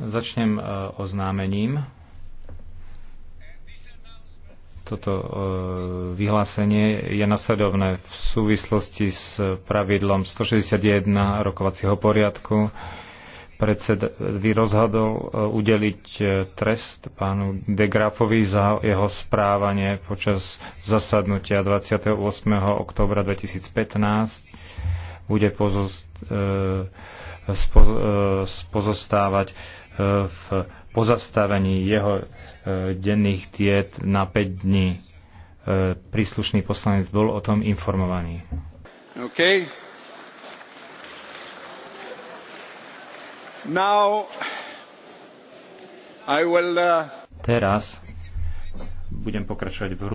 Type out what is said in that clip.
Začnem e, oznámením. Toto e, vyhlásenie je nasledovné v súvislosti s pravidlom 161 rokovacieho poriadku. Predsed vy rozhodol e, udeliť trest pánu De Grafovi za jeho správanie počas zasadnutia 28. oktobra 2015 bude e, e, pozostávať e, v pozastavení jeho denných diet na 5 dní. Príslušný poslanec bol o tom informovaný. OK. Now I will, uh... Teraz budem pokračovať v